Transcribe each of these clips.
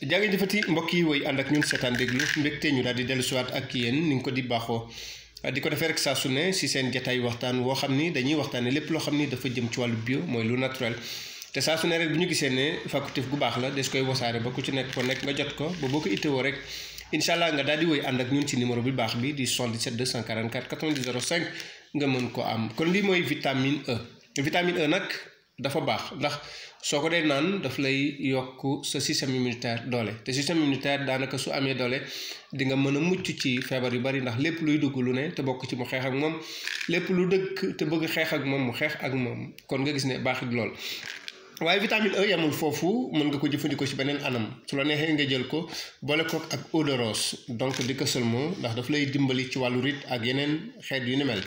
jaajëfati mbokk yi woy ànd ak ñun seetaan déglu mbégte ñu daal di dellu siwaat ak yéen ni nga ko di baaxoo di ko defee rek saa su ne si seen jataay waxtaan woo xam ni dañuy waxtaan waxtaanee lépp loo xam ni dafa jëm ci wàllu bio mooy lu naturel te saa su ne rek bu ñu gisee ne facultatif bu baax la des koy wasaare ba ku ci nekk ko nekk nga jot ko ba boo ko itteewoo rek incha allah nga daal di woy ànd ak ñun ci numéro bu baax bi di 77 244 90 05 nga mën ko am kon lii mooy vitamine E vitamine E nag. dafa baax ndax soo ko dee naan daf lay yokk sa système immunitaire doole te système immunitaire daanaka su amee doole di nga mën a mucc ci feebar yu bari ndax lépp luy dugg lu ne te bokk ci mu xeex ak moom lépp lu dëkk te bëgg xeex ak moom mu xeex ak moom kon nga gis ne baaxit lool. waaye vitamine E yamul foofu mën nga ko jëfandikoo ci beneen anam su la neexee nga jël ko boole ko ak eau de rose donc di ko seulement ndax daf lay dimbali ci wàllu rit ak yeneen xeet yu ni mel.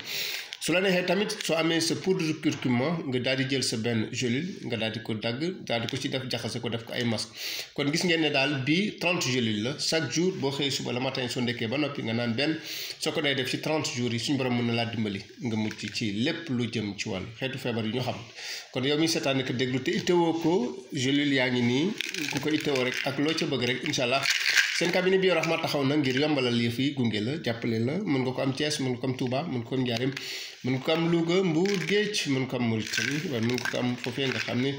su la neexee tamit soo amee sa poudre de curcuma nga daal di jël sa benn gélule nga daal di ko dagg daal di ko ci def jaxase ko def ko ay masque kon gis ngeen ne daal bi 30 gélule la chaque jour boo xëyee suba la matin soo ndekkee ba noppi nga naan benn soo ko dee def ci 30 jours yi suñu borom mën na laa dimbali nga mucc ci lépp lu jëm ci wàllu xeetu feebar yu ñu xam kon yow mi seetaan ko déglu te itteewoo ko gélule yaa ngi nii ku ko itteewoo rek ak loo ca rek incha allah seen cabinet bio rahma taxaw na ngir yombalal yëf yi gunge la jàppale la mën nga ko am Thiès mën nga ko am Touba mën nga ko am Njaareem mën nga ko am Louga Mbour Géej mën nga ko am Mauritanie waaye mën am foofee nga xam ne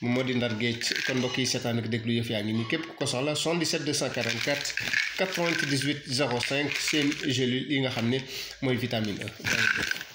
moom moo di Ndar Géej kon mbokk yi seetaan ak déglu yëf yaa ngi nii képp ku ko soxla 77 244 98 05 seen gélule yi nga xam ne mooy vitamine E.